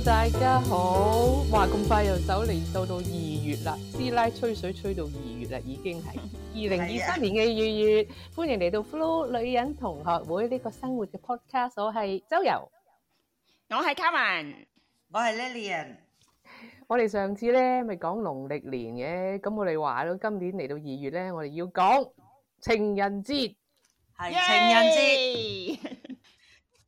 大家好，哇！咁快又走嚟到到二月啦，師奶吹水吹到二月啦，已經係二零二三年嘅二月，歡迎嚟到 Flo 女人同學會呢個生活嘅 podcast，我係周游，我係 Carmen，我係 Lillian。我哋上次咧咪講農曆年嘅，咁我哋話到，今年嚟到二月咧，我哋要講情人節，係情人節。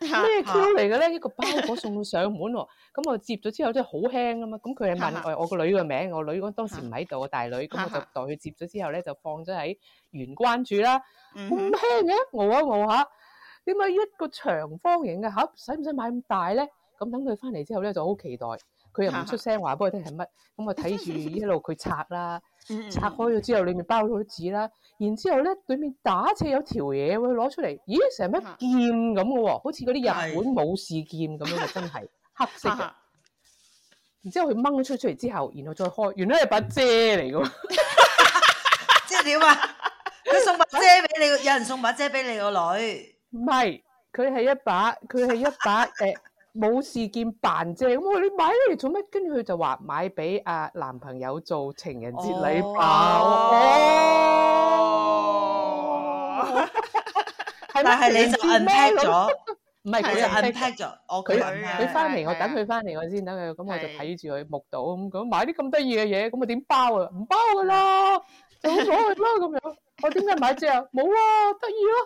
咩 c 嚟嘅咧？一個包裹送到上門喎、啊，咁、嗯、我、 嗯、接咗之後真係好輕啊嘛，咁佢係問我我個女個名，我女嗰當時唔喺度，我大女咁、嗯嗯、 我就代佢接咗之後咧，就放咗喺玄關處啦。咁輕嘅，我啊，我、嗯、下，點解、 嗯嗯、一個長方形嘅盒使唔使買咁大咧？咁等佢翻嚟之後咧，就好期待。佢又唔出聲話俾我聽係乜，咁我睇住依一路佢拆啦， 拆開咗之後裏面包咗啲紙啦，然之後咧裏面打斜有條嘢，攞出嚟，咦？成咩劍咁嘅喎？好似嗰啲日本武士劍咁樣嘅， 真係黑色嘅。然之後佢掹咗出出嚟之後，然後再開，原來係把遮嚟嘅。即係點啊！佢送把遮俾你，有人送把遮俾你個女。唔係，佢係一把，佢係一把誒。呃冇事件辦啫，咁你買嚟做咩？跟住佢就話買俾啊男朋友做情人節禮包。哦，咪係、哦、 麼你就咗，唔係佢就 unpack 咗。佢佢翻嚟，我等佢翻嚟我先等佢，咁我就睇住佢，目到咁咁買啲咁得意嘅嘢，咁我點包啊？唔包噶啦，做咗佢啦咁樣。我點解買隻？冇啊，得意咯。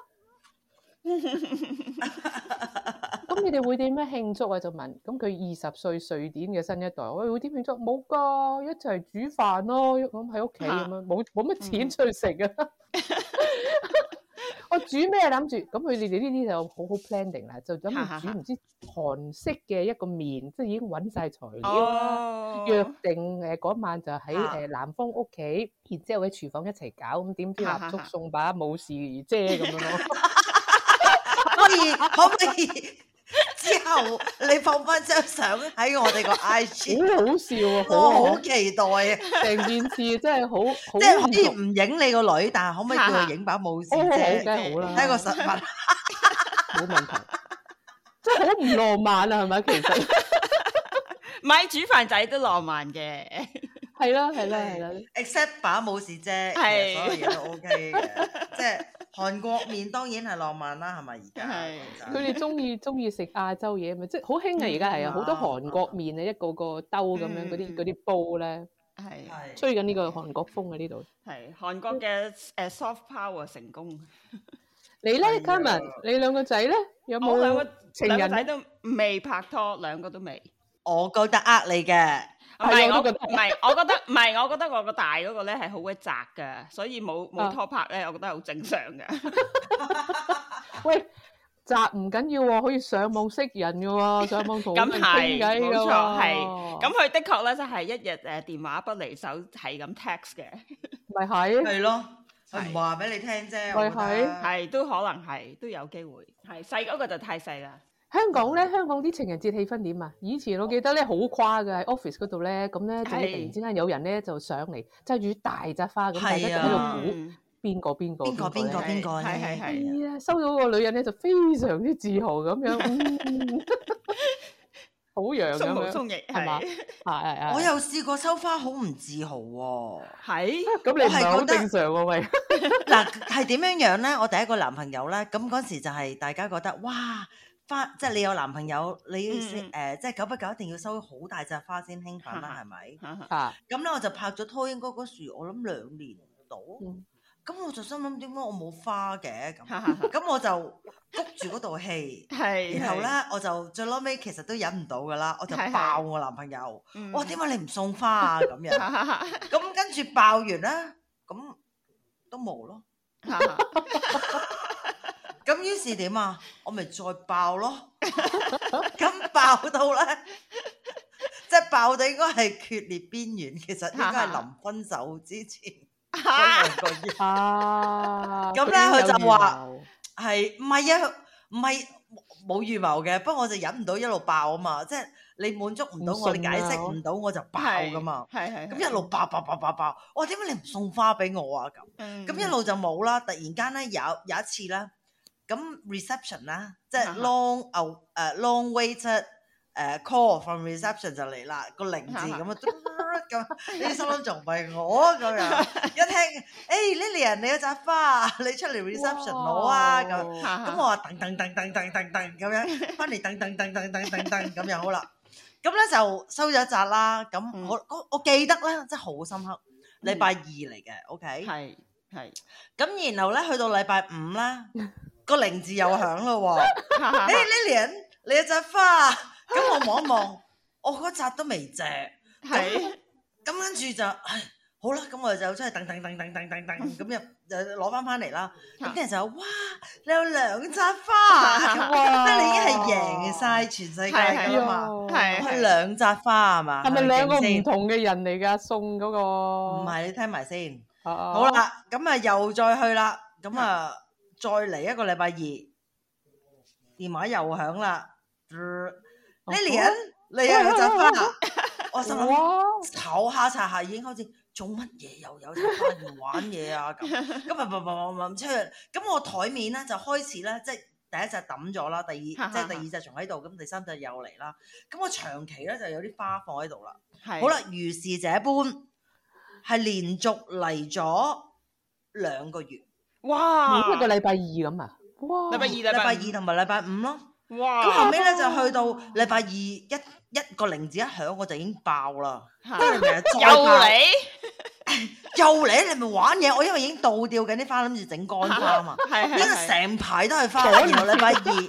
咁你哋會點樣慶祝啊？就問，咁佢二十歲瑞典嘅新一代，我哋會點慶祝？冇㗎，一齊煮飯咯，啊，喺屋企咁樣，冇冇乜錢出去食啊！ 我煮咩諗住？咁佢哋哋呢啲就好好 planning 啦，就諗住煮唔知韓式嘅一個麵，即係已經揾晒材料，oh. 約定誒嗰晚就喺誒男方屋企，然之後喺廚房一齊搞，咁點知蠟燭送把冇事遮咁樣咯。 可以可唔可以？之後你放翻張相喺我哋個 I G，好笑啊！我好期待啊！成件事真係好好，即係可唔可以唔唔影你個女，但係可唔可以叫佢影把冇事啫，梗係好啦。睇個實物，冇問題。即係好唔浪漫啊，係咪？其實，買煮飯仔都浪漫嘅，係咯係咯係咯。Except 把冇事啫，係 OK 嘅，即係。韓國麵當然係浪漫啦，係咪而家？佢哋中意中意食亞洲嘢咪？即係好興啊！而家係啊，好多韓國麵啊，一個個兜咁樣嗰啲嗰啲煲咧，係吹緊呢個韓國風喺呢度。係韓國嘅誒 soft power 成功。你咧，Carmen，你兩個仔咧有冇兩個情人喺度？未拍拖，兩個都未。我覺得呃你嘅。唔係我唔係，我覺得唔係，我覺得我個大嗰個咧係好鬼宅嘅，所以冇冇拖拍咧，我覺得係好正常嘅。喂，宅唔緊要喎，可以上網識人嘅喎，上網同人傾偈嘅喎，係。咁佢的確咧，即係一日誒電話不離手，係咁 Text 嘅。咪係。係咯。係。唔話俾你聽啫。咪係。係都可能係都有機會。係細嗰個就太細啦。香港咧，香港啲情人節氣氛點啊？以前我記得咧，好誇嘅喺 office 嗰度咧，咁咧仲要突然之間有人咧就上嚟，揸住大扎花，咁大家喺度估邊個邊個邊個邊個邊個咧？係啊，收到個女人咧就非常之自豪咁樣，好陽咁樣，係嘛？係係係。我又試過收花，好唔自豪喎。係，咁你係唔係好正常喎？咪嗱，係點樣樣咧？我第一個男朋友咧，咁嗰時就係大家覺得哇～花即係你有男朋友，你誒、mm. 呃，即係久不久一定要收好大扎花先興奮啦，係咪是、啊？咁咧我就拍咗拖，應該嗰時我諗兩年到。咁、嗯嗯、我就心諗，點解我冇花嘅？咁咁 我就谷住道氣，然後咧我就最尾其實都忍唔到噶啦，我就爆我男朋友，我點解你唔送花啊？咁樣，咁跟住爆完啦，咁都冇咯。 S 2笑咁於是點啊？我咪再爆咯，咁 爆到咧，即係爆到應該係決裂邊緣，其實應該係臨分手之前嗰日。咁咧，佢就話係唔係啊？唔係冇預謀嘅，不過我就忍唔到一路爆啊嘛！即係你滿足唔到我，啊、你解釋唔到我就爆噶嘛。係係。咁一路爆爆爆爆爆，我點解你唔送花俾我啊？咁咁、嗯、一路就冇啦。突然間咧，有有一次咧。咁 reception 啦，即係 long 誒 long wait 誒 call from reception 就嚟啦，個零字咁啊，咁你心諗仲唔係我咁樣，一聽誒 Lilian 啊，你有扎花，你出嚟 reception 攞啊咁，咁我話等、等、等、等、等、等。噔咁樣，翻嚟等、等、等、等、等、等。噔咁樣好啦，咁咧就收咗一紮啦，咁我我記得咧，真係好深刻，禮拜二嚟嘅，OK 係係，咁然後咧去到禮拜五啦。個鈴字又響咯，誒，Lilian，你有扎花，咁我望一望，我嗰扎都未謝，係，咁跟住就，好啦，咁我就出去噔噔噔噔噔噔噔，咁又又攞翻翻嚟啦，咁跟住就，哇，你有兩扎花，得，你已經係贏晒全世界噶嘛，係兩扎花係嘛，係咪兩個唔同嘅人嚟噶送嗰個？唔係，你聽埋先，好啦，咁啊又再去啦，咁啊。再嚟一個禮拜二，電話又響啦。Lilian 嚟啊！有隻花、啊、我心諗，唞下查下已經開始做乜嘢，又有隻花玩嘢啊咁。咁咪咪咪咪咪出去。咁我台面咧就開始咧，即係第一隻抌咗啦，第二即係第二隻仲喺度，咁哈第三隻又嚟啦。咁我長期咧就有啲花放喺度啦。的好啦，如是者般係連續嚟咗兩個月。哇！每一個禮拜二咁啊，哇！禮拜二，禮拜二同埋禮拜五咯。哇！咁後尾咧就去到禮拜二一一個鈴子一響，我就已經爆啦。又嚟又嚟！你咪玩嘢，我因為已經倒吊緊啲花，諗住整乾花嘛。因為成排都係花，然後禮拜二。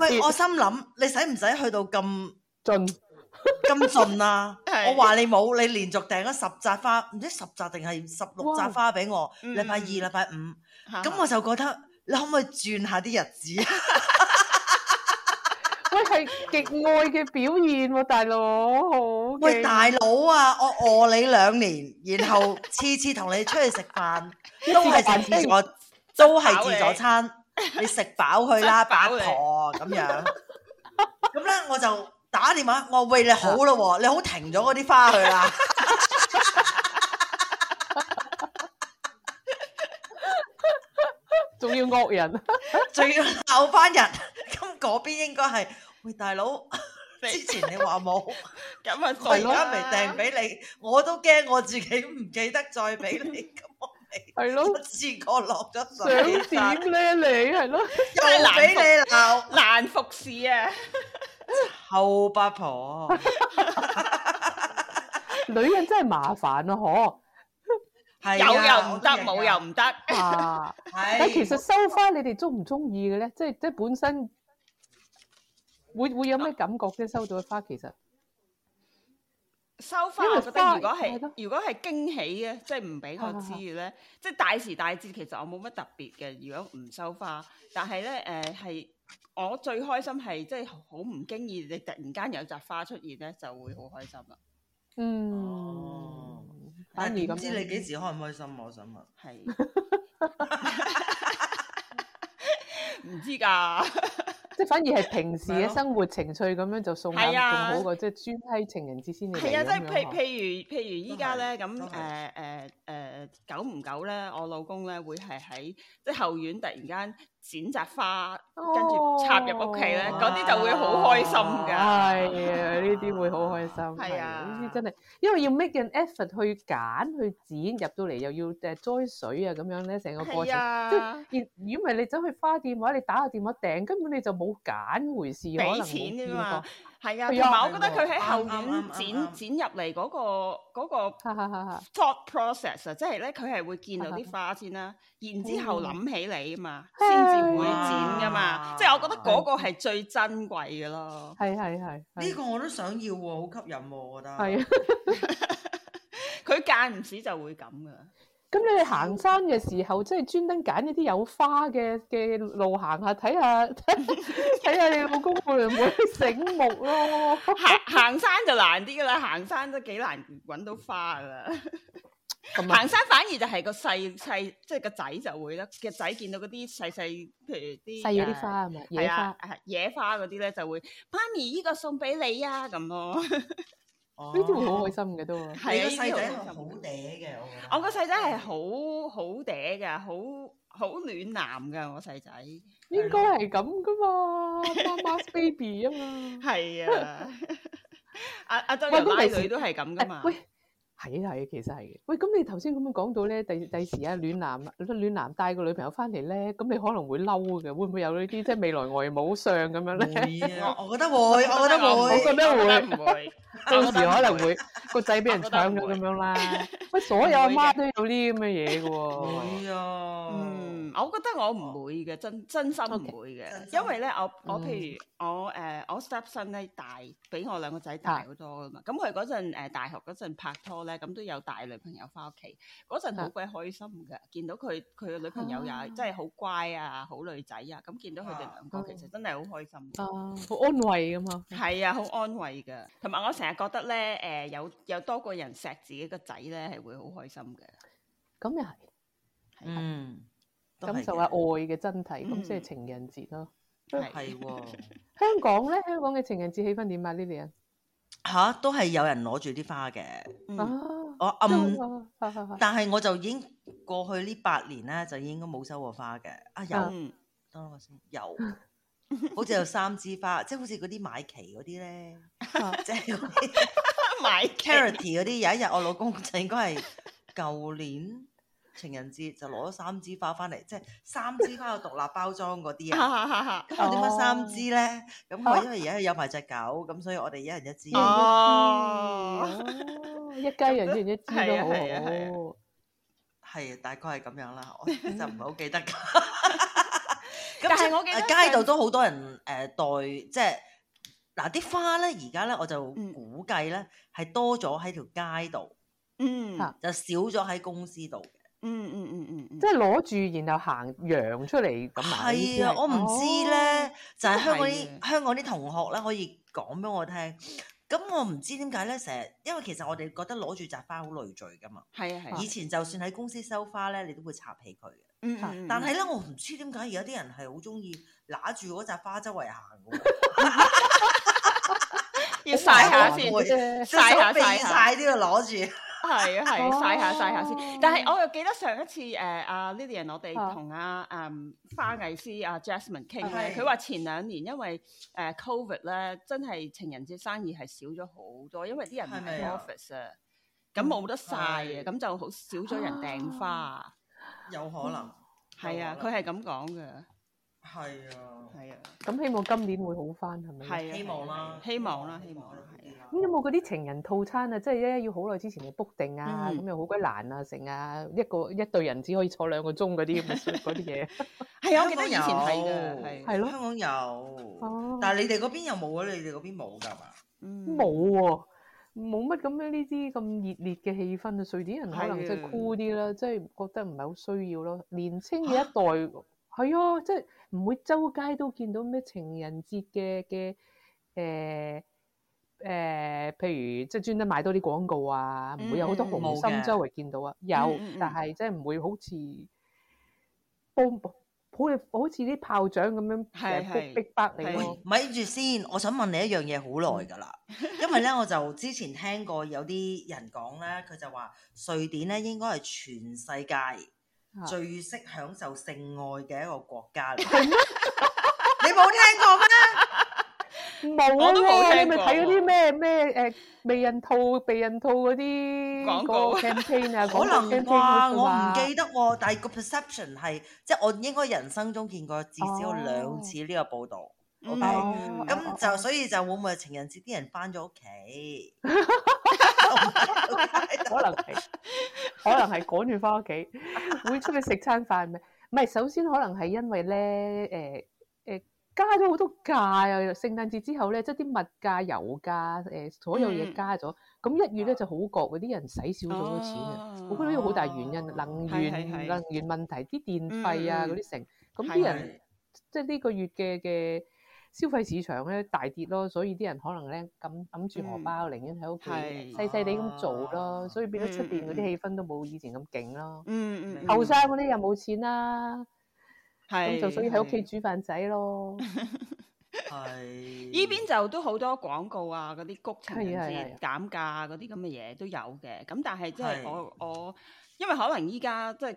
喂，我心諗你使唔使去到咁盡？咁盡 啊！ 是我話你冇，你連續訂咗十紮花，唔知十紮定係十六紮花俾我。禮拜、嗯嗯、二、禮拜五，咁、嗯嗯、我就覺得你可唔可以轉下啲日子？ 喂，係極愛嘅表現，啊，大佬，好喂，大佬啊！我餓你兩年，然後次次同你出去食飯，都係自助，我都係自助餐，飽你食飽佢啦，八婆咁樣。咁咧，我就。打電話，我喂你好咯，你好，啊、你好停咗嗰啲花去啦、啊，仲 要惡惡人，仲 要鬧翻人，咁嗰邊應該係喂大佬，之前你話冇，咁係佢咯，而家未訂俾你，啊、我都驚我自己唔記得再俾你，我係咯，試的過落咗水點咧？想呢 你係咯， 又俾你鬧，難服侍啊！ 後八婆，女人真係麻煩咯，嗬。有又唔得，冇又唔得。係。但其實收花，你哋中唔中意嘅咧？即係即係本身會會有咩感覺咧？收到花其實收花，我覺得如果係如果係驚喜嘅，即係唔俾我知嘅咧，即係大時大節，其實我冇乜特別嘅。如果唔收花，但係咧，誒係。我最開心係，即係好唔經意，你突然間有扎花出現咧，就會好開心啦。嗯，哦、反而咁，唔是知你幾時開唔開心？我想問，係唔知噶， 即係反而係平時嘅生活情趣咁樣就送下咁的好過，即係專批情人節先係。係啊，即係譬譬如譬如依家咧，咁誒誒誒，久唔久咧，我老公咧會係喺即係後院突然間。剪紮花，跟住插入屋企咧，嗰啲，哦、就會好開心㗎。係啊，呢啲會好開心。係 啊，呢啲真係，因為要 make an effort 去揀去剪，入到嚟又要誒栽水啊咁樣咧，成個過程。即係，啊，如果唔係你走去花店或者你打個電話訂，根本你就冇揀回事，可能冇見係 啊，同埋我覺得佢喺後院、嗯嗯嗯、剪剪入嚟嗰、嗰個、 個 thought process 啊，即係咧佢係會見到啲花先啦，然之後諗起你嘛，先至、嗯、會剪噶嘛，哇即係我覺得嗰個係最珍貴嘅咯。係係係。呢個我都想要喎，好吸引喎，我覺得。係是啊，佢 間唔時就會咁噶。咁你哋行山嘅時候，即係專登揀一啲有花嘅嘅路行下，睇下睇下你老公會唔會醒目咯？ 行行山就難啲噶啦，行山都幾難揾到花噶啦。 行山反而就係個細細，即係個仔就會啦。個仔見到嗰啲細細，譬如啲細要啲花係咪？係啊，野花嗰啲咧就會，媽咪依個送俾你啊！咁咯、哦。 呢啲、哦、會好開心嘅都， 你個細仔好嗲嘅，我個細仔係好好嗲嘅，好好暖男嘅我細仔，應該係咁噶嘛，媽媽 baby 啊嘛，係啊，阿阿對個仔女都係咁噶嘛。係係，其實係嘅。喂，咁你頭先咁樣講到咧，第第時啊，暖男暖男帶個女朋友翻嚟咧，咁你可能會嬲嘅，會唔會有呢啲即係未來外母相咁樣咧、會啊？我覺得會，我覺得會，我覺得會，唔會， 會到時可能會，會個仔俾人搶咁樣啦？喂， 所有阿媽，媽都有呢啲咁嘅嘢嘅喎。係啊。我覺得我唔會嘅，真真心唔會嘅，因為咧，我我譬如我誒我 stepson 咧，大，比我兩個仔大好多噶嘛。咁佢嗰陣大學嗰陣拍拖咧，咁都有帶女朋友翻屋企，嗰陣好鬼開心嘅。見到佢佢嘅女朋友又真係好乖啊，好女仔啊。咁見到佢哋兩個其實真係好開心，好安慰㗎嘛！係啊，好安慰嘅。同埋我成日覺得咧誒有有多個人錫自己個仔咧係會好開心嘅。咁又係，嗯。感受下愛嘅真諦，咁即係情人節咯。係喎，香港咧，香港嘅情人節氣氛點啊？呢啲人吓，都係有人攞住啲花嘅。哦，我暗，但係我就已經過去呢八年咧，就應該冇收過花嘅。啊有，等我先有，好似有三枝花，即係好似嗰啲買旗嗰啲咧，即係買 charity 嗰啲。有一日我老公整個係舊年，情人節就攞咗三支花翻嚟，即係三支花有獨立包裝嗰啲啊！咁點解三支咧？咁我因為而家有埋隻狗，咁、啊、所以我哋一人一支、啊哦 嗯，一家人一人一支都好，係、啊、啊啊大概係咁樣啦，我就唔係好記得噶。咁 但係是 以我街度都好多人誒、呃，代即係嗱啲花咧，而家咧我就估計咧係多咗喺條街度，嗯，mm, 就少咗喺公司度。嗯嗯嗯嗯，嗯，嗯，嗯，嗯，嗯即係攞住然後行揚出嚟咁樣係啊，我唔知咧，哦、就係香港啲香港啲同學咧可以講俾我聽。咁我唔知點解咧，成日因為其實我哋覺得攞住扎花好累贅噶嘛。係啊係。以前就算喺公司收花咧，你都會插起佢嘅。嗯，但係咧，我唔知點解而家啲人係好中意揦住嗰扎花周圍行 要晒下先， 曬晒曬都要攞住。 係啊，係啊，曬下曬下先。但係我又記得上一次誒阿 Lilian，我哋同阿誒花藝師阿 Jasmine 傾，佢話前兩年因為誒 Covid 咧，真係情人節生意係少咗好多，因為啲人唔嚟 office 啊，咁冇得曬啊，咁就好少咗人訂花啊。有可能。係啊，佢係咁講嘅。係啊，係啊。咁希望今年會好翻係咪？係啊，希望啦，希望啦，希望啦，係。咁、嗯嗯嗯、有冇嗰啲情人套餐啊？即係一一要好耐之前嚟 book 定啊，咁又好鬼難啊，成啊一個一對人只可以坐兩個鐘嗰啲咁嘅嗰啲嘢。係啊，我、哎嗯哦、記得以前係嘅，係咯，香港有。哎、但係你哋嗰邊又冇啊、哦？你哋嗰邊冇㗎嘛？冇喎，冇乜咁樣呢啲咁熱烈嘅氣氛啊！瑞典人可能即係酷啲啦，即係、嗯、覺得唔係好需要咯。年輕嘅一代係啊，即係唔會周街都見到咩情人節嘅嘅誒。誒、呃，譬如即係專登買多啲廣告啊，唔、嗯、會有好多紅心周圍見到啊，有，但係即係唔會好似 b 好似好似啲炮仗咁樣逼 big bang 嚟咯。咪住先，我想問你一樣嘢好耐㗎啦，嗯、 因為咧我就之前聽過有啲人講咧，佢就話瑞典咧應該係全世界最識享受性愛嘅一個國家嚟。你冇聽過咩？ 冇咧，你咪睇嗰啲咩咩誒避孕套、避孕套嗰啲 campaign 啊，廣告 campaign 嗰啲嘛。可能唔話，我唔記得喎。但係個 perception 係，即係我應該人生中見過至少有兩次呢個報導。OK，咁就所以就會唔會情人節啲人翻咗屋企？可能係，可能係趕住翻屋企，會出去食餐飯咩？唔係，首先可能係因為咧，誒誒。加咗好多價啊！聖誕節之後咧，即係啲物價、油價，誒，所有嘢加咗。咁一月咧就好焗，啲人使少咗好多錢。我覺得呢個好大原因，能源能源問題，啲電費啊嗰啲成。咁啲人即係呢個月嘅嘅消費市場咧大跌咯，所以啲人可能咧揞揞住荷包，寧願喺屋企細細哋咁做咯。所以變咗出邊嗰啲氣氛都冇以前咁勁咯。嗯嗯，後生嗰啲又冇錢啦。係就所以喺屋企煮飯仔咯，係，依邊就都好多廣告啊，嗰啲谷情人節減價嗰啲咁嘅嘢都有嘅。咁但係即係我我，因為可能依家即係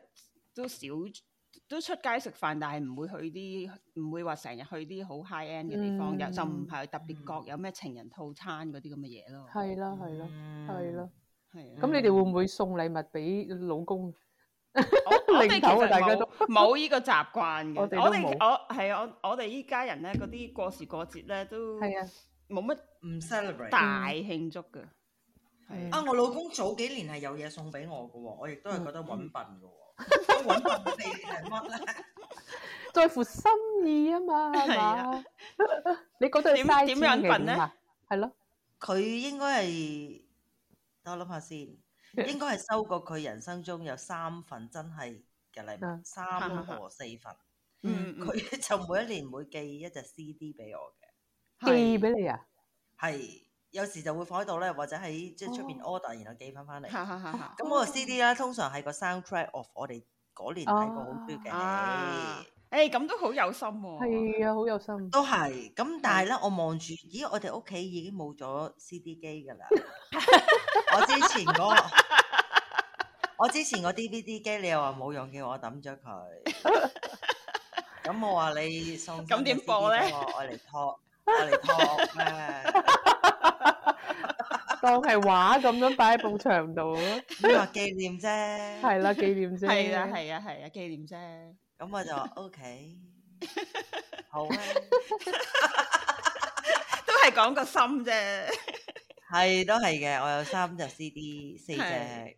都少都出街食飯，但係唔會去啲唔會話成日去啲好 high end 嘅地方，又就唔係特別覺有咩情人套餐嗰啲咁嘅嘢咯。係啦係啦，係咯，係。咁你哋會唔會送禮物俾老公？我我哋其實冇冇依個習慣嘅，我哋我係我我哋依家人咧，嗰啲過時過節咧都冇乜唔 celebrate 大慶祝嘅。啊，我老公早幾年係有嘢送俾我嘅，我亦都係覺得搵笨嘅，搵笨係乜咧？在乎心意啊嘛，係啊，你覺得點點樣笨咧？係咯，佢應該係，等我諗下先。應該係收過佢人生中有三份真係嘅禮物，三和四份。嗯，佢就每一年會寄一隻 CD 俾我嘅，寄俾你啊？係，有時就會放喺度咧，或者喺即係出邊 order，然後寄翻翻嚟。咁我個 CD 咧，通常係個 soundtrack of 我哋嗰年睇過好書嘅。唉，咁都好有心喎。係啊，好有心。都係咁，但係咧，我望住，咦，我哋屋企已經冇咗 CD 機㗎啦。我之前嗰個。我之前我 D V D 機，你又話冇用嘅，我抌咗佢。咁我話，你送咁點播咧？我嚟拖，我嚟拖咩？當係畫咁樣擺喺埲牆度咯。你話紀念啫，係啦，紀念啫，係啦，係啊，係啊，紀念啫。咁我就話 O K，好咩，都係講個心啫，係，都係嘅。我有三隻 C D，四隻。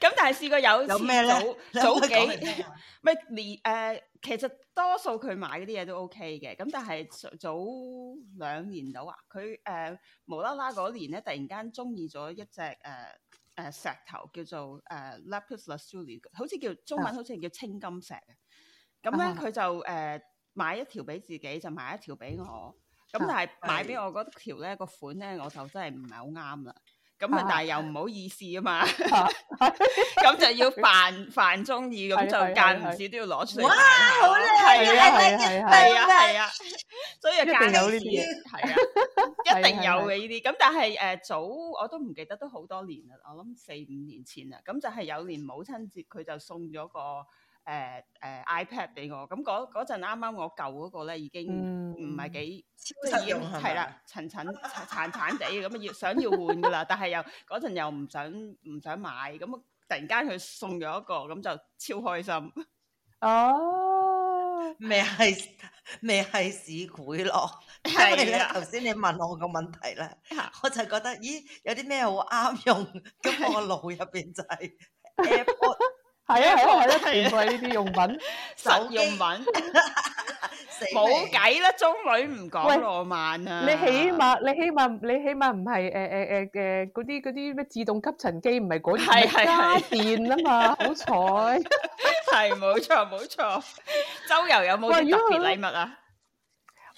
咁但係試過有有咩咧？早幾唔年誒，其實多數佢買嗰啲嘢都 O K 嘅。咁但係早兩年到啊，佢誒無啦啦嗰年咧，突然間中意咗一隻誒誒石頭叫做誒 Lapis Lazuli，好似叫中文好似叫青金石啊。咁咧佢就誒買一條俾自己，就買一條俾、啊、我。咁但係買俾我嗰條咧，個款咧，我就真係唔係好啱啦。咁啊，但係又唔好意思啊嘛，咁 就要扮扮中意，咁就間唔時都要攞出嚟。哇，好靚啊！係啊，係啊，係啊,啊,啊，所以間唔時係啊，一定有嘅呢啲。咁 但係誒，早我都唔記得，都好多年啦，我諗四五年前啦。咁就係、是、有年母親節，佢就送咗個。誒誒，iPad 俾我，咁嗰嗰陣啱啱我舊嗰個咧已經唔係幾，即係要係啦，陳陳殘殘地，咁要想要換噶啦，但係又嗰陣又唔想唔想買，咁突然間佢送咗一個，咁就超開心。哦，未係未係市儈咯，係你頭先你問我個問題咧，我就覺得咦有啲咩好啱用，咁我個腦入邊就係係啊，好係啦，免費呢啲用品，實用品，冇計啦，中女唔講浪漫啊！你起碼，你起碼，你起碼唔係誒誒誒誒嗰啲嗰啲咩自動吸塵機，唔係嗰啲家電啊嘛，好彩，係冇錯冇錯。周遊有冇特別禮物啊？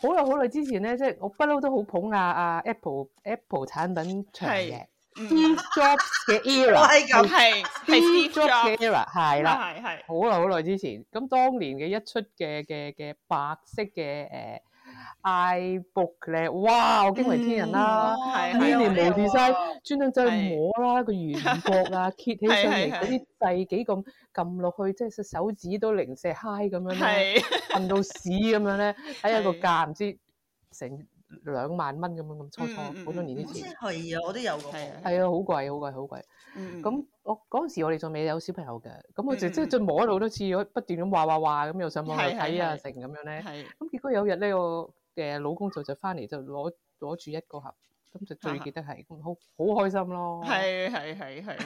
好耐好耐之前咧，即係我不嬲都好捧啊啊 Apple Apple 產品長嘅。Drops 嘅 error，係咁係，係 drop 嘅 error，係啦，係係好耐好耐之前，咁當年嘅一出嘅嘅嘅白色嘅誒 iBook 咧，哇，我驚為天人啦，呢年冇跌晒，專登走去摸啦個圓角啊，揭起上嚟嗰啲掣幾咁撳落去，即係手手指都零舍 high 咁樣咧，撳到屎咁樣咧，喺一個價唔知成。兩萬蚊咁樣，咁初初好、嗯、多年之前。好似係啊，我都有過。係啊，好貴，好貴，好貴。嗯，咁我嗰陣時我哋仲未有小朋友嘅，咁我就、嗯、即係再摸咗好多次，不斷咁畫畫畫，咁又上網去睇的啊成咁樣咧。係，咁結果有日咧，我嘅老公就就翻嚟，就攞，攞住一個盒。咁就最記得係，好好開心咯！係係係係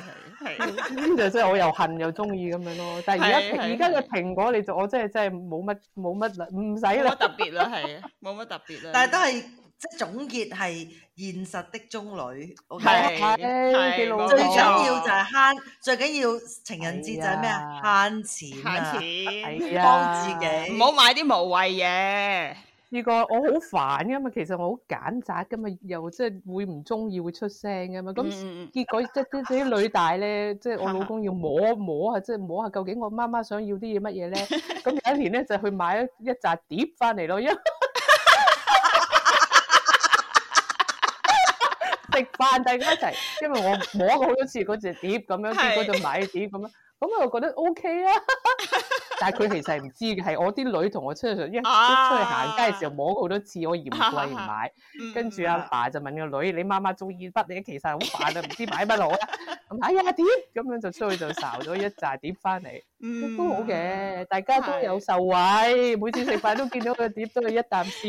係，呢就真係我又恨又鍾意咁樣咯。但係而家而家嘅蘋果，你就我真係真係冇乜冇乜啦，唔使啦，特別啦，係啊，冇乜特別啦。但係都係即係總結係現實的中女，係係最緊要就係慳，最緊要情人節就係咩啊？慳錢，慳錢，幫自己，唔好買啲無謂嘢。呢個我好煩㗎嘛，其實我好揀擇㗎嘛，又即係會唔中意會出聲㗎嘛，咁、嗯、結果即係啲女大咧， 即係我老公要摸，摸一摸啊，即係摸下究竟我媽媽想要啲嘢乜嘢咧，咁 有一年咧就去買一一紮碟返嚟咯，因為食飯大家一齊，因為我摸過好多次嗰隻碟樣，咁樣結果就買碟咁樣，咁我就覺得 O K 啦。 但係佢其實唔知嘅，係我啲女同我出去上一出去行街嘅時候摸好多次，我嫌貴唔買。跟住阿爸，爸就問個女，你媽媽中意乜嘢？其實好煩啊，唔知買乜好啊。咁買啊碟，咁樣就出去就嘠咗一紮碟翻嚟。嗯，都好嘅，大家都有受惠，的每次食飯都見到個碟都有一啖笑。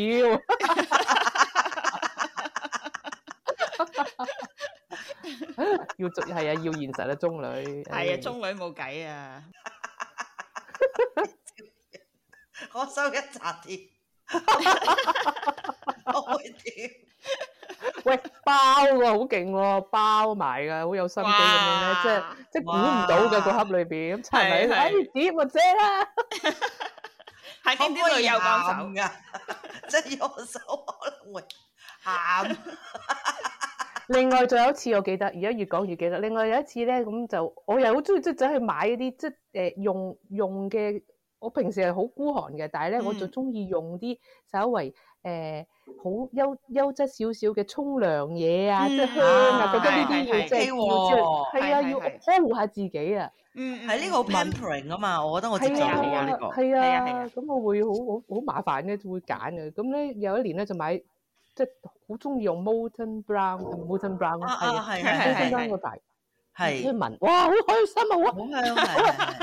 要做係啊，要現實啦，中女。係啊，中女冇計啊。 我收一扎啲， 我會點？ 喂，包喎，好勁喎，包埋㗎，好有心機咁樣咧，即係即係估唔到嘅個盒裏邊，係咪是？哎點啊，遮 啦， 係點點有右手㗎，即係右手可能會喊。另外仲有一次我記得，而家越講越記得。另外有一次咧，咁就我又好中意即走去買一啲即誒用用嘅。我平時係好孤寒嘅，但係咧我就中意用啲稍為誒好優優質少少嘅沖涼嘢啊，即係香啊，覺得呢啲嘢好正喎。係啊，要呵護下自己啊。嗯，係呢個啊嘛，我覺得我接受係啊，係啊，咁我會好好好麻煩咧，會揀嘅。咁咧有一年咧就買。即係好中意用 Molton Brown，Molton Brown，最簡單個大，係，一聞，哇，好開心啊！好香，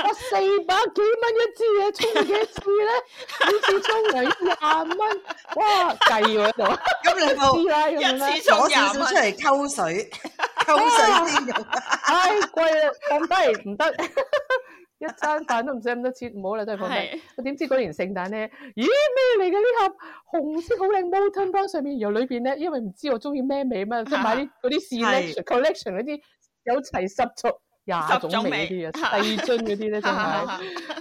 我四百幾蚊一支嘢，沖幾次咧，每次沖兩廿蚊，哇，計喎喺度，咁你冇攞少少出嚟溝水，溝水先用，唉，貴啊，放低唔得。 一餐飯都唔使咁多錢，唔好啦都係放低。是我點知嗰年聖誕咧？咦，咩嚟嘅呢盒紅色好靚，Mountain 上面，然後裏邊咧，因為唔知我中意咩味嘛，啊、即係買啲嗰啲 selection collection 嗰啲有齊十種，廿種味嗰啲啊， 第二樽嗰啲咧真係，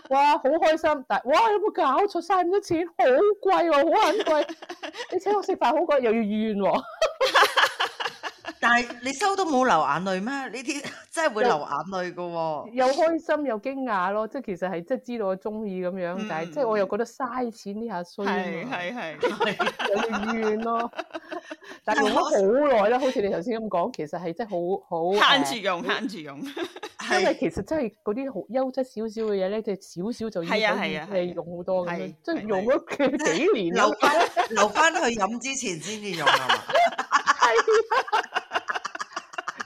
哇好開心，但係哇有冇搞錯晒咁多錢？好貴喎、啊，好鬼貴、啊，你請我食飯好貴、啊，又要怨喎。但係你收都冇流眼淚咩？呢啲真係會流眼淚㗎喎、哦，又開心又驚訝咯，即係其實係即係知道我中意咁樣，嗯、但係即係我又覺得嘥錢呢下衰，係係有啲怨咯。 但係用咗好耐啦，好似 你頭先咁講，其實係真係好好慳住用，慳住著用， 因為其實真係嗰啲好優質少少嘅嘢咧，即係少少就要係用好多咁即係用咗幾年 留翻留翻去飲之前先至用係嘛？係。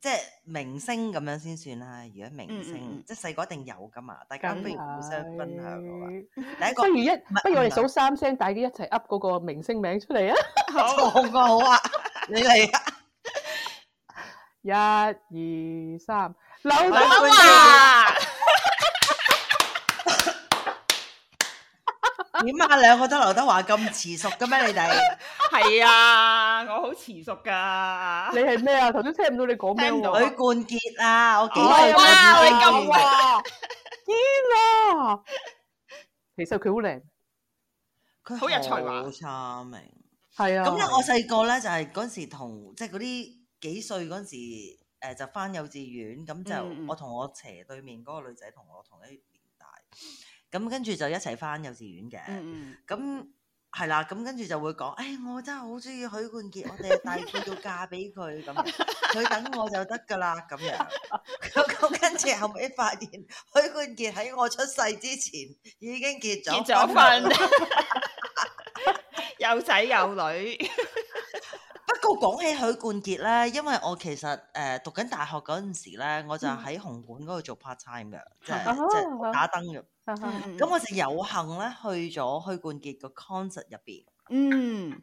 即係明星咁樣先算啦。如果明星，即係細個一定有噶嘛。大家不如互相分享嘅話，第一個，不如一，不如我哋數三聲，大家一齊噏嗰個明星名出嚟啊！好啊，好啊，你嚟啊！一、二、三，劉德華。點啊！兩個都劉德華，咁遲熟嘅咩？你哋係啊，我好遲熟噶。你係咩啊？頭先聽唔到你講咩？許冠傑啊，我見到哇！你咁喎，天啊！其實佢好靚，佢好有才華。差明係啊。咁咧，我細個咧就係嗰陣時同即係嗰啲幾歲嗰陣時誒，就返幼稚園咁，就我同我斜對面嗰個女仔同我同一年大。.咁跟住就一齊翻幼稚園嘅。咁係啦，咁跟住就會講，誒、哎，我真係好中意許冠傑，我哋大半要嫁俾佢，咁佢 等我就得噶啦，咁樣，咁 跟住後尾發現許冠傑喺我出世之前已經結結咗了婚，有仔有女。 講起許冠傑咧，因為我其實誒、呃、讀緊大學嗰陣時咧，我就喺紅館嗰度做 part time 嘅，即係即係打燈嘅。咁、嗯、我就有幸咧去咗許冠傑個 concert 入邊。嗯，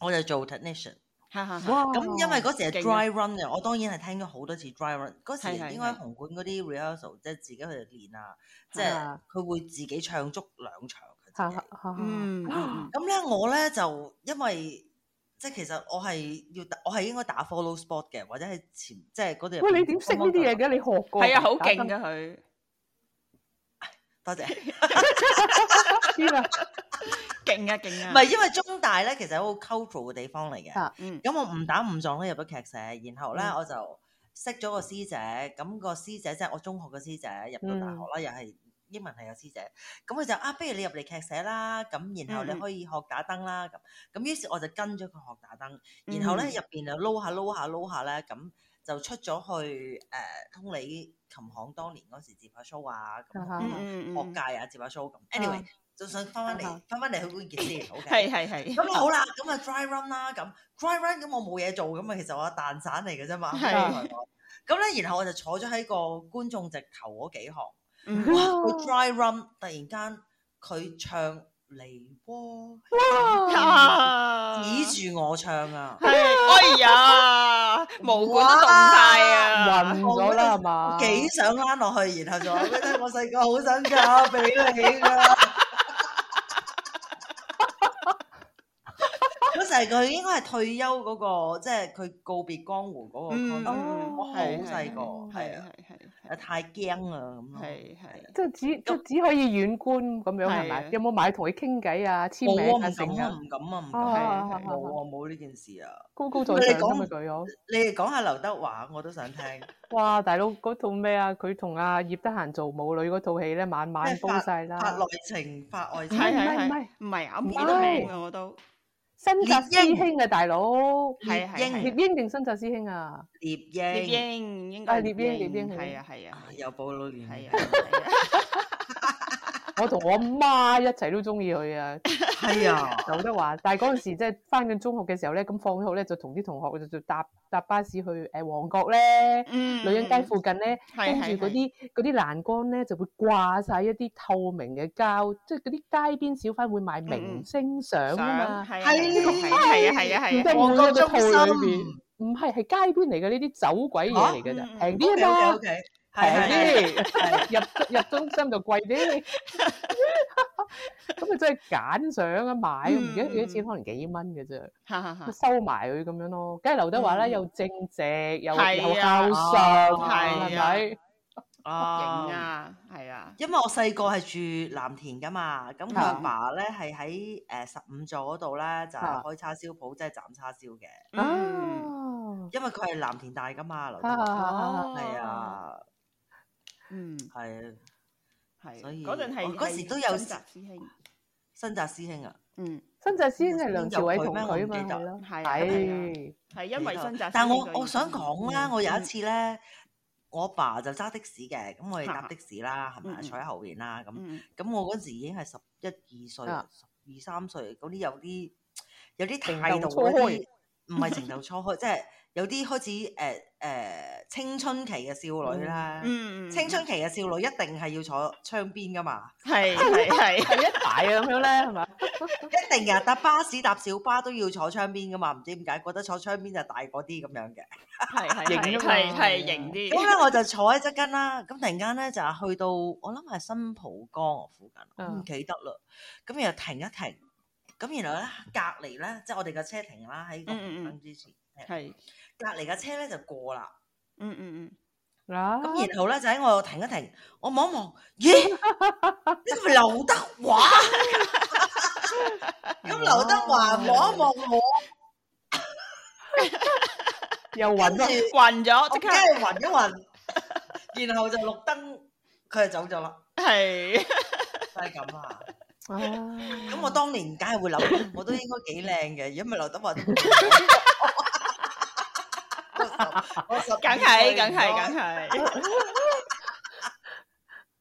我就做 technician。咁哇因為嗰時係 dry run 嘅，害我當然係聽咗好多次 dry run。嗰時應該紅館嗰啲 rehearsal 即係自己去練啊，即係佢會自己唱足兩場。嚇嚇嚇！咁咧、嗯嗯、 我咧就因為即係其實我係要，我係應該打 follow sport 嘅，或者係前即係嗰度。喂，你點識呢啲嘢嘅？你學過？係啊，好勁嘅佢。多謝。勁啊勁啊！唔係、啊、因為中大咧，其實好 cultural 嘅地方嚟嘅。咁、啊嗯、我誤打誤撞咧入咗劇社，然後咧、嗯、我就識咗個師姐。咁、個師姐即係、就是、我中學嘅師姐，入到大學啦，又係、嗯。英文係有師姐，咁佢就啊，不如你入嚟劇社啦，咁然後你可以學打燈啦，咁咁於是我就跟咗佢學打燈，然後咧入邊就撈下撈下撈下咧，咁就出咗去誒通利琴行，當年嗰時接下 show 啊，學界啊接下 show 咁。Anyway，就想翻翻嚟翻翻嚟去觀傑師，好嘅，係係係。咁好啦，咁啊 dry run 啦，咁 dry run 咁我冇嘢做，咁啊其實我一蛋散嚟嘅啫嘛，咁咧然後我就坐咗喺個觀眾席頭嗰幾行。哇！佢 dry run 突然間佢唱嚟歌，哇！指住我唱啊！哎呀， 無管動態啊，暈咗啦係嘛？幾想拉落去，然後就話我細個好想嫁俾你。 係佢應該係退休嗰個，即係佢告別江湖嗰個。我好細個，係啊係係。誒太驚啊咁咯。係即係只即只可以遠觀咁樣係咪？有冇買同佢傾偈啊？簽名唔成啊！唔敢啊唔敢。冇啊冇呢件事啊。高高在上咁嘅佢好。你哋講下劉德華，我都想聽。哇！大佬嗰套咩啊？佢同阿葉德嫻做母女嗰套戲咧，晚晚煲晒啦。法內情，法外情。唔係唔係唔係，唔記得名我都。新紮師兄嘅英大佬，獵鷹，獵鷹定新紮師兄啊？獵鷹英，獵鷹，應該係獵鷹，獵鷹，係啊，係啊，又保老啊。 我同我媽一齊都中意去啊，係啊，有得玩。但係嗰陣時即係翻緊中學嘅時候咧，咁放學咧就同啲同學就搭搭巴士去誒旺角咧，女人街附近咧，跟住嗰啲嗰啲欄杆咧就會掛晒一啲透明嘅膠，即係嗰啲街邊小販會賣明星相啊，係啊係啊係啊，旺角中心，唔係係街邊嚟嘅呢啲走鬼嘢嚟嘅咋，平啲啊嘛。係啲入入中心就貴啲，咁啊真係揀上啊買，唔記得幾多錢，可能幾蚊嘅啫，收埋佢咁樣咯。梗係劉德華咧，又正直又又高尚，係咪？啊，係啊，因為我細個係住藍田噶嘛，咁阿爸咧係喺誒十五座嗰度咧就開叉燒鋪，即係斬叉燒嘅。嗯，因為佢係藍田大噶嘛，劉德華係啊。嗯，係啊，係，嗰陣係時都有新澤師兄，新澤師兄啊，嗯，新澤師兄係梁朝偉同我佢啊嘛，係，係因為新澤，但係我我想講啦，我有一次咧，我爸就揸的士嘅，咁我哋搭的士啦，係咪坐喺後邊啦，咁，咁我嗰時已經係十一二歲，十二三歲，嗰啲有啲有啲態度嗰啲。唔係情竇初開，即係有啲開始誒誒青春期嘅少女啦。嗯，青春期嘅少女一定係要坐窗邊噶嘛。係係係，一排咁樣咧係嘛？一定呀！搭巴士搭小巴都要坐窗邊噶嘛，唔知點解覺得坐窗邊就大嗰啲咁樣嘅。係係係，係型啲。咁咧我就坐喺側跟啦。咁突然間咧就去到我諗係新浦江附近，唔記得啦。咁又停一停。咁然後咧，隔離咧，即係我哋嘅車停啦，喺個紅燈之前。係。隔離嘅車咧就過啦。嗯嗯嗯。嗱。咁然後咧就喺我度停一停，我望一望，咦？呢個係劉德華。咁劉德華望一望我。又暈啦！暈咗，即刻暈一暈。然後就綠燈，佢就走咗啦。係。就係咁啊！哦，咁、哎、我當年梗係會諗， 我都應該幾靚嘅，如果唔係劉德華，梗係，梗係，梗係。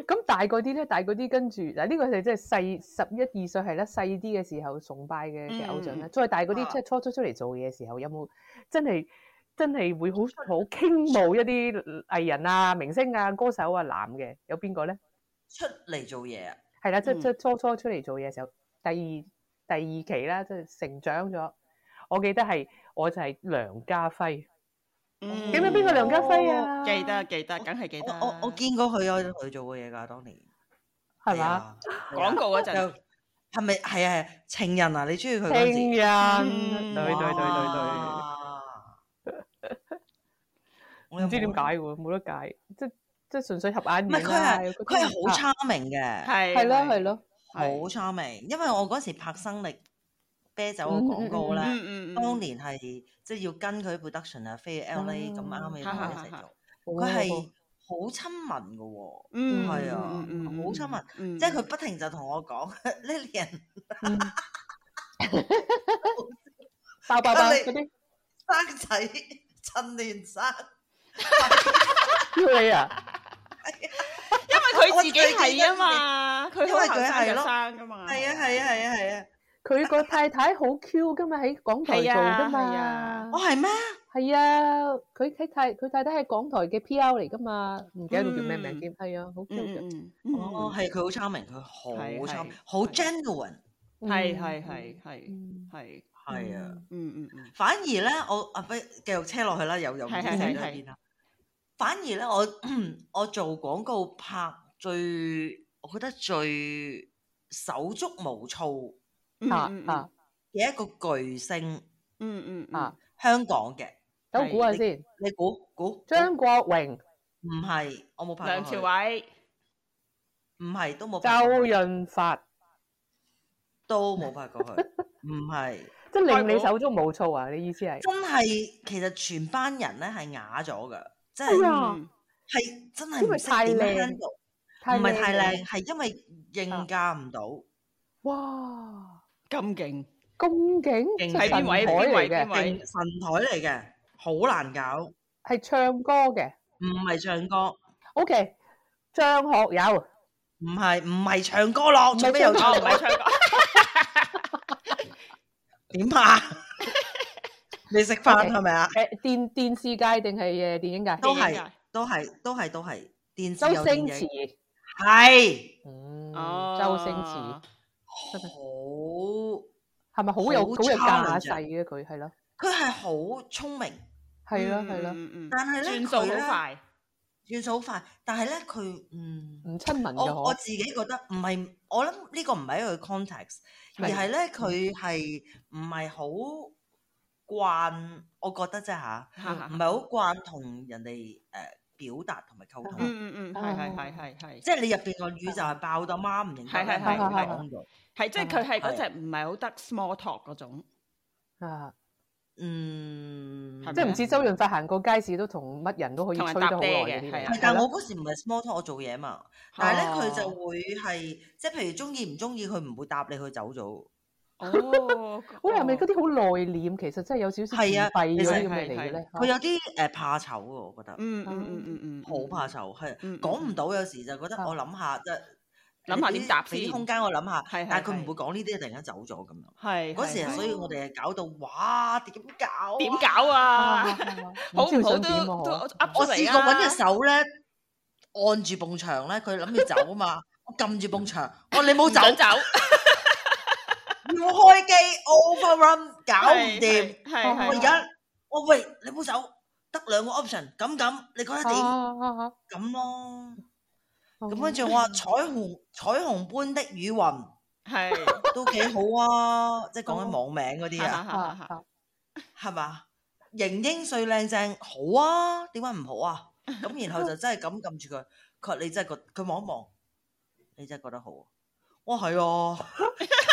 咁大嗰啲咧，大嗰啲跟住嗱，呢個就即係細十一二歲係啦，細啲嘅時候崇拜嘅偶像啦。再、嗯、大嗰啲，啊、即係初初出嚟做嘢時候，有冇真係真係會好好傾慕一啲藝人啊、明星啊、歌手啊、男嘅？有邊個咧？出嚟做嘢啊？係啦的，嗯、即即初初出嚟做嘢嘅時候，第二第二期啦，即係成長咗。我記得係我就係梁家輝。咁有邊個梁家輝啊？記得記得，梗係記得。我我見過佢啊，佢做過嘢噶當年，係嘛？廣告嗰陣係咪係啊係？情人啊，你中意佢嗰陣？情人，對對對對對。我唔知點解喎，冇得解，即係即係純粹合眼緣。唔係佢係佢係好 charming 嘅，係係咯係咯，好 charming。因為我嗰時拍生力。啤酒嘅廣告咧，當年係即係要跟佢 production 啊、飛 LA 咁啱嘅，一齊做。佢係好親民嘅喎，係啊，好親民。即係佢不停就同我講呢年，人，爸爸爸啲生仔趁年生。屌你啊！因為佢自己係啊嘛，佢好後生就生噶嘛。係啊！係啊！係啊！係啊！佢個太太好 Q，今日喺港台做噶嘛？我係咩？係啊，佢佢太佢太太係港台嘅 PR 嚟噶嘛？唔記得佢叫咩名添？係、嗯、啊，好 Q 嘅。嗯、哦，係佢好 charming，佢好 charming，好 genuine，係係係係係係啊。嗯嗯嗯。嗯嗯嗯嗯反而咧，我阿輝繼續車落去啦。又又邊去咗邊啦？是反而咧，我我做廣告拍最，最，我覺得最手足無措。啊啊！嘅一個巨星，嗯嗯啊，香港嘅，等我估下先。你估估張國榮？唔係，我冇拍。梁朝偉？唔係，都冇。周潤發都冇拍過佢。唔係，即係令你手中冇醋啊？你意思係？真係，其實全班人咧係啞咗噶，真係，係真係太靚，唔係太靚，係因為應價唔到。哇！咁勁，勁，係邊位？神台嚟嘅，神台嚟嘅，好難搞。係唱歌嘅，唔係唱歌。OK，張學友，唔係唔係唱歌咯，做咩又唱唔係唱歌？點啊？你食飯係咪啊？誒電電視界定係誒電影界？都係都係都係都係電。周星馳係，嗯，周星馳真係。係咪好有好有架勢咧？佢係咯，佢係好聰明，係咯係咯，但係咧佢轉數好快，轉數好快，但係咧佢嗯唔親民，我自己覺得唔係，我諗呢個唔係一個 context，而係咧佢係唔係好慣，我覺得啫吓，唔係好慣同人哋誒表達同埋溝通。嗯嗯係係係係係，即係你入邊個語就係爆到媽唔認得，係係係係。係，即係佢係嗰隻唔係好得 small talk 嗰種啊，嗯，即係唔似周潤發行過街市都同乜人都可以吹得好耐嘅呢啲啊。但係我嗰時唔係 small talk，我做嘢嘛。但係咧佢就會係，即係譬如中意唔中意，佢唔會搭你去走咗。哦，可能係咪嗰啲好內斂，其實真係有少少封閉嘅嘅。佢有啲誒怕醜嘅，我覺得。嗯嗯嗯嗯嗯，好怕醜，係講唔到，有時就覺得我諗下即。諗下點答先，畀啲空間我諗下，但係佢唔會講呢啲，突然間走咗咁樣。係嗰時，所以我哋啊搞到，哇點搞？點搞啊？好唔好都我試過搵隻手咧，按住埲牆咧，佢諗住走啊嘛，我撳住埲牆，我你冇走，你冇開機，overrun，搞唔掂，我而家我喂你冇走，得兩個 option，咁咁你覺得點？咁咯。咁跟住我話彩虹彩虹般的雨雲，係是 都幾好啊！即係講緊網名嗰啲啊，係嘛？型 英帥靚正，好啊！點解唔好啊？咁然後就真係咁撳住佢，佢話 你真係覺佢望一望，你真係覺得好。啊。哇，係啊，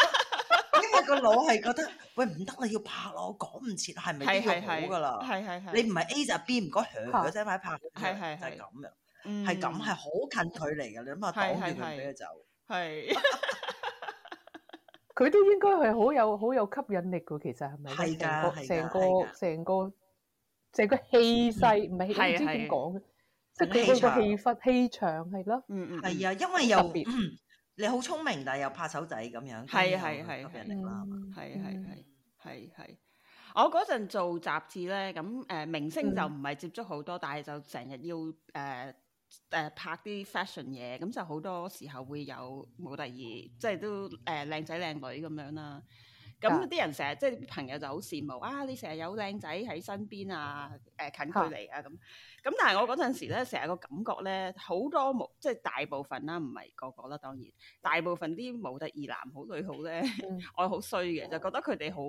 因為個腦係覺得喂唔得啊，要拍咯，講唔切係咪係好㗎啦？係係係。你唔係 A 就 B，唔該響佢聲拍，係係係，就係咁樣。 嗯，係咁，係好近距離嘅，你諗下擋住佢咩就係，佢都應該係好有好有吸引力噶，其實係咪？係噶，成個成個成個氣勢，唔係唔知點講？即係佢嗰個氣氛氣場係咯，嗯嗯，係啊，因為又你好聰明，但係又拍手仔咁樣，係啊係啊係啊，吸引力啦，係係係係係，我嗰陣做雜誌咧，咁誒明星就唔係接觸好多，但係就成日要誒。誒、呃、拍啲 fashion 嘢，咁就好多時候會有模特兒，即係都誒靚仔靚女咁樣啦。咁啲人成日即係朋友就好羨慕啊！你成日有靚仔喺身邊啊，誒、呃、近距離啊咁。咁、啊、但係我嗰陣時咧，成日個感覺咧好多模，即係大部分啦、啊，唔係個個啦，當然大部分啲模特兒男好女好咧，我、嗯、 好衰嘅，就覺得佢哋好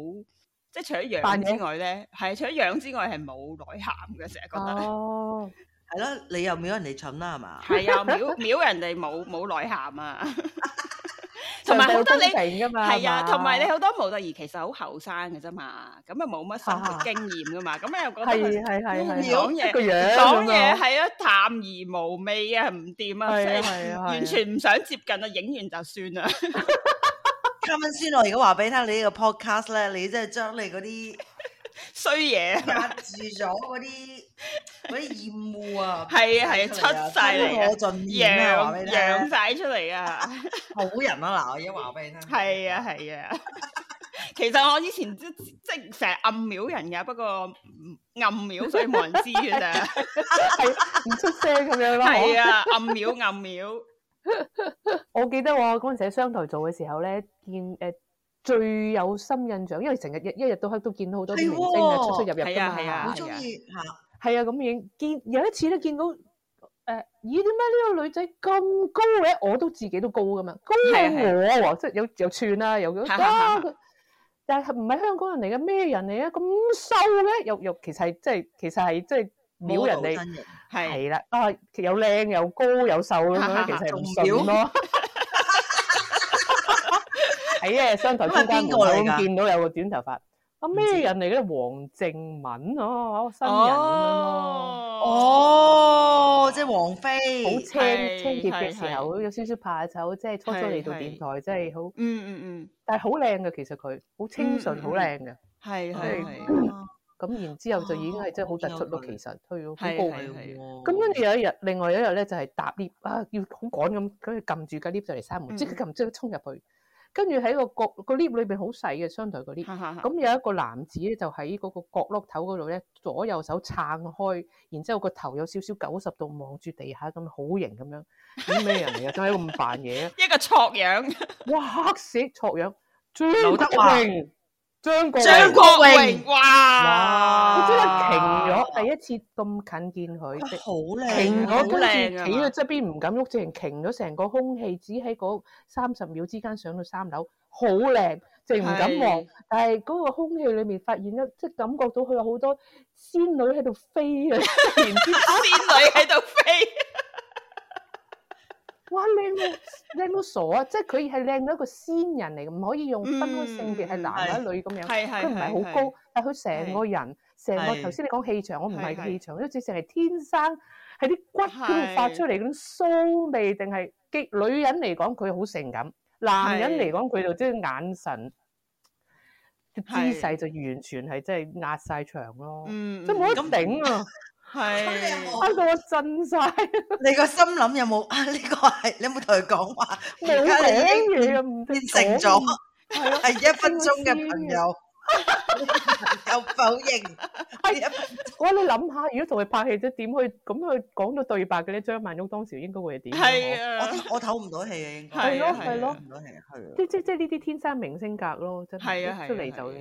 即係除咗樣之外咧，係除咗樣之外係冇內涵嘅，成日覺得、哦。係咯，你又秒人哋蠢啦，係嘛？係啊，秒秒人哋冇冇內涵啊！同埋好多你係啊，同埋你好多模特兒，其實好後生嘅啫嘛，咁啊冇乜生活經驗噶嘛，咁又覺得佢講嘢講嘢係啊淡而無味啊，唔掂啊，係啊完全唔想接近啊，影完就算啦。講緊先，我而家話俾你聽，你呢個 podcast 咧，你真係將你嗰啲。衰嘢啊！隔住咗嗰啲嗰啲煙霧啊，係啊，係出世晒，我盡揚揚晒出嚟啊！好人啊嗱，我而家話俾你聽，係啊係啊，其實我以前即即成日暗戀人嘅，不過暗戀所以冇人知嘅咋，係唔出聲咁樣咯。係啊，暗戀暗戀。我記得我嗰陣時喺商台做嘅時候咧，見誒。最有深印象，因為成日日一日到黑都見到好多明星啊，出出入入㗎嘛，好中意嚇。係啊，咁樣見有一次咧，見到誒，咦？點解呢個女仔咁高嘅？我都自己都高㗎嘛，高過我喎，即係有有寸啦，有啊。但係唔係香港人嚟嘅咩人嚟啊？咁瘦嘅，又又其實係即係其實係即係秒人哋係啦。啊，又靚又高又瘦咁樣，其實係咁瘦咯。喺啊，商台中間，我見到有個短頭髮，啊，咩人嚟？嗰個王靖雯，哦，新人咁樣咯。哦，即係王菲，好青青澀嘅時候，有少少怕醜，即係初初嚟到電台，即係好。嗯嗯嗯。但係好靚嘅，其實佢好清純，好靚嘅。係係。咁然之後就已經係即係好突出咯。其實推到好高嘅。係係係。咁跟住有一日，另外一日咧就係搭 lift 啊，要好趕咁，佢撳住個 lift 就嚟閂門，即刻撳，即刻衝入去。跟住喺個角，個 lift 裏邊好細嘅，商台個 lift，咁有一個男子咧就喺嗰個角落頭嗰度咧，左右手撐開，然之後個頭有少少九十度望住地下咁，好型咁樣，咩、哎、人嚟啊？做咩咁扮嘢啊？ 一個錯智樣， 哇黑死錯樣！劉德華。張國榮，哇！佢真係擎咗，第一次咁近見佢好靚，擎咗、啊啊啊、跟住企喺側邊，唔敢喐，直情擎咗成個空氣，只喺嗰三十秒之間上到三樓，好靚，靜唔敢望。的但係嗰個空氣裏面發現一，即係感覺到佢有好多仙女喺度飛啊，然之 仙女喺度飛、啊。哇！靚到靚到傻啊！即係佢係靚到一個仙人嚟，唔可以用分開性別係男或者女咁樣。佢唔係好高，但係佢成個人，成個頭先你講氣場，我唔係氣場，好似直情係天生喺啲骨嗰度發出嚟嗰種騷味，定係既女人嚟講佢好性感，男人嚟講佢就即係眼神、啲姿勢就完全係即係壓曬場咯，即係冇得頂啊！係，慘到我震晒。你個心諗有冇啊？呢個係你有冇同佢講話？而家已經變成咗，係一分鐘嘅朋友。又否認？係啊！我你諗下，如果同佢拍戲，即點去咁去講到對白嘅咧？張曼玉當時應該會係點？係啊！我我唞唔到氣啊！應該係咯，係咯，唞唔到氣係。即即即呢啲天生明星格咯，真係出嚟就。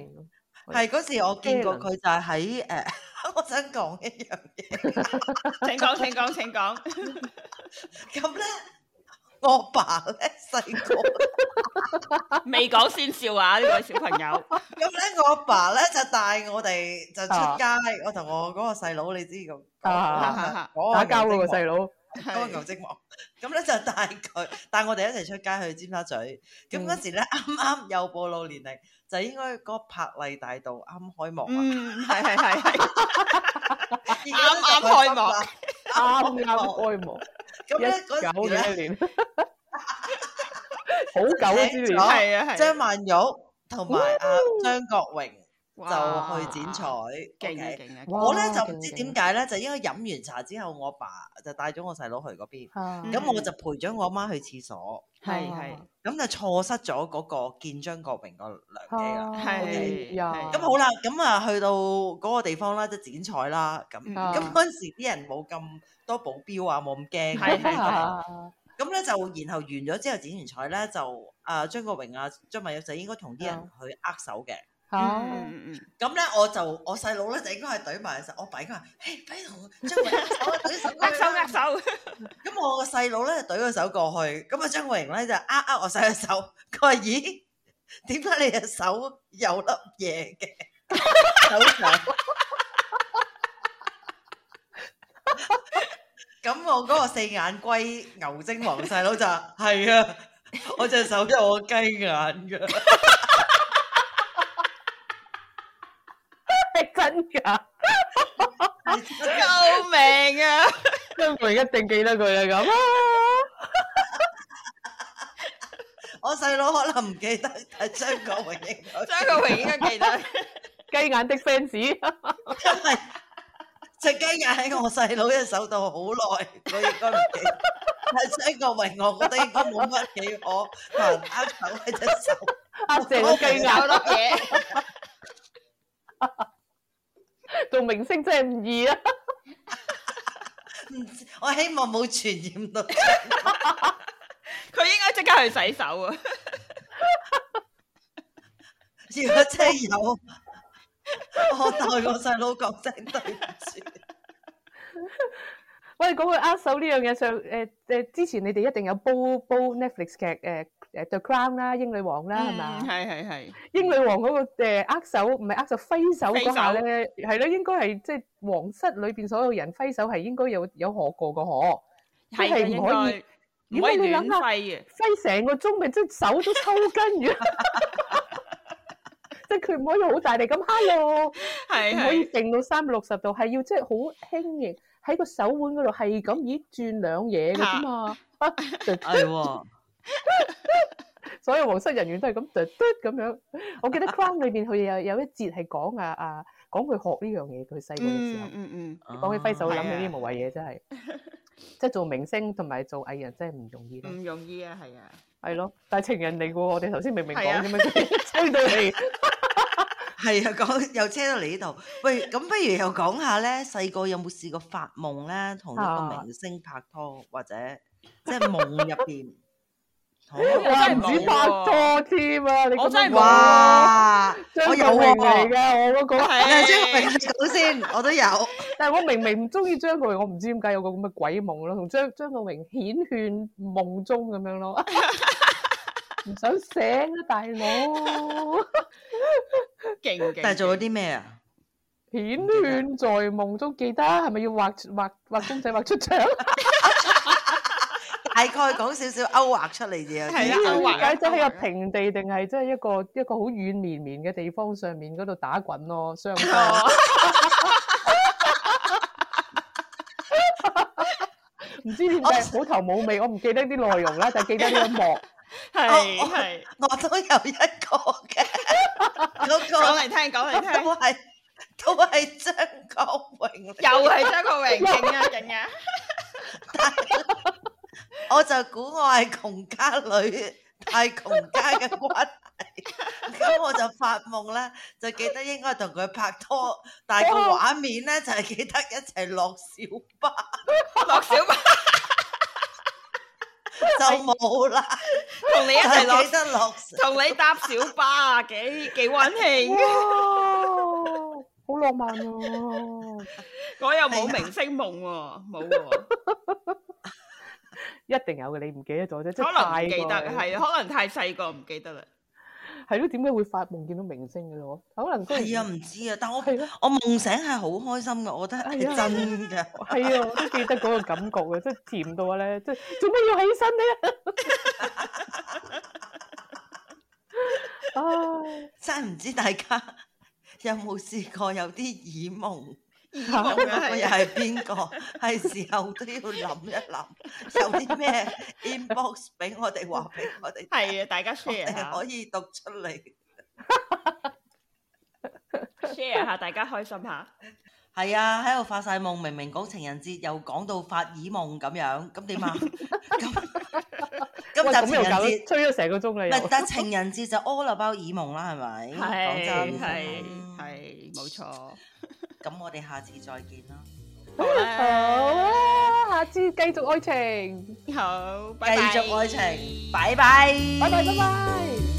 係嗰時我見過佢就係喺誒，我想講一樣嘢。請講，請講，請講。咁咧，我爸咧細個未講先笑啊！呢位小朋友。咁咧，我爸咧就帶我哋就出街，我同我嗰個細佬，你知咁，打交嗰個細佬，嗰個牛精王。咁咧就帶佢帶我哋一齊出街去尖沙咀。咁嗰時咧啱啱，又暴露年齡。就應該個柏麗大道啱開幕，嗯，係係係係，啱啱開幕，那那 啊，啱啱開幕。咁咧嗰陣時咧，好久之前。係啊係。張曼玉同埋阿張國榮哇就去剪彩，勁勁害 OK 我咧就唔知點解咧，就應該飲完茶之後，我爸就帶咗我細佬去嗰邊，咁、嗯、我就陪咗我阿媽去廁所。係係，咁 就錯失咗嗰個見張國榮個良機啦。係，咁好啦，咁啊去到嗰個地方啦，即係剪彩啦。咁咁嗰陣時啲人冇咁多保鏢啊，冇咁驚。係係係。咁咧 就然後完咗之後剪完彩咧就啊張國榮啊張文玉就應該同啲人去握手嘅。Yeah. 哦，咁咧我就我細佬咧就應該係懟埋實我爸，佢話：嘿，俾同張國榮手，手，握手，握手。咁、嗯、我個細佬咧懟個手過去，咁啊張國榮咧就握握我細佬手，佢話：咦，點解你隻手有粒嘢嘅？咁 我嗰個四眼龜牛精王細佬就係啊 我隻手有我雞眼噶。 救命啊！張國榮一定記得佢係咁，我細佬可能唔記得，但係張國榮應該張國榮應該記得雞眼的 fans，因為隻雞眼喺我細佬嘅手度好耐，佢應該唔記得。但係張國榮我覺得應該冇乜幾可，阿強喺隻手，阿成個雞眼攞嘢。 做明星真係唔易啊！我希望冇傳染到，佢應該即刻去洗手啊！ 如果真有， 我代我細佬講聲對唔住。 喂，講起握手呢樣嘢上，誒誒，之前你哋一定有煲煲 Netflix 劇，誒誒，《The Crown》啦，《英女王》啦，係咪？係係係。英女王嗰個，誒，握手，唔係握手，揮手嗰下咧，係咯，應該係即係皇室裏邊所有人揮手係應該有有學過噶可。係唔可以？點解你諗下揮成個鐘咪，即係手都抽筋咁，即係佢唔可以好大力咁 hello，唔可以勁到三百六十度，係要即係好輕盈。喺個手腕嗰度係咁咦轉兩嘢嘅啫嘛，係，所有皇室人員都係咁嘟嘟咁樣。我記得《Crown》裏邊佢有有一節係講啊啊講佢學呢樣嘢，佢細個嘅時候，講佢揮手諗起啲無謂嘢，真係，即係做明星同埋做藝人真係唔容易咯。唔容易啊，係啊，係咯，但係情人嚟嘅喎，我哋頭先明明講咗咩吹對氣。係啊，講又車到嚟呢度。喂，咁不如又講下咧，細個有冇試過發夢咧，同一個明星拍拖或者即係夢入邊？我真係唔止拍拖添啊！你講啊，張國榮嚟嘅，我嗰個係張國榮先，我都有。但係我明明唔中意張國榮，我唔知點解有個咁嘅鬼夢咯，同張張國榮顯現夢中咁樣咯。唔想醒啊，大佬！勁勁，但係做咗啲咩啊？片段在夢中記得，係咪要畫畫畫公仔畫出腸？大概講少少勾畫出嚟嘅，係啊？勾畫。點解真係個平地定係真係一個一個好軟綿綿嘅地方上面嗰度打滾咯？相差，唔知點解冇頭冇尾，我唔記得啲內容啦，但係記得呢一幕。係是，我都有一個嘅，嗰、 那個講嚟聽，講嚟聽都係都係張國榮， 又係張國榮勁啊！勁啊 我就估我係窮家女，太窮家嘅關係，咁 我就發夢咧，就記得應該同佢拍拖，但係個畫面咧就係、是、記得一齊落小巴，落 小巴。 就冇啦，同 你一齊落，同 你搭小巴啊，幾幾溫馨，哇 好浪漫啊！我又冇明星夢喎、啊，冇喎 一定有嘅，你唔記， 即記得咗啫，可能記得係，可能太細個唔記得啦。係咯，點解會發夢見到明星嘅我？可能真係啊，唔知啊。但我、啊、我夢醒係好開心嘅，我覺得係真㗎。係啊，啊， 啊，我都記得嗰個感覺嘅，即係甜到咧，即係做咩要起身呢？啊 唉，真係唔知大家有冇試過有啲綺夢。綺夢又係邊個？係 時候都要諗一諗，有啲咩 inbox 俾我哋話俾我哋。係啊， 大家 share 下，可以讀出嚟，share 下大家開心下。係啊，喺度發晒夢，明明講情人節，又講到發綺夢咁樣，咁點啊？咁，今日情人節吹咗成個鐘嚟。但情人節就 all 包綺夢啦，係咪？係係係，冇錯 的。 咁我哋下次再見啦，好啦，哦，下次繼續愛情，好，bye，繼續愛情，拜拜，拜拜，拜拜。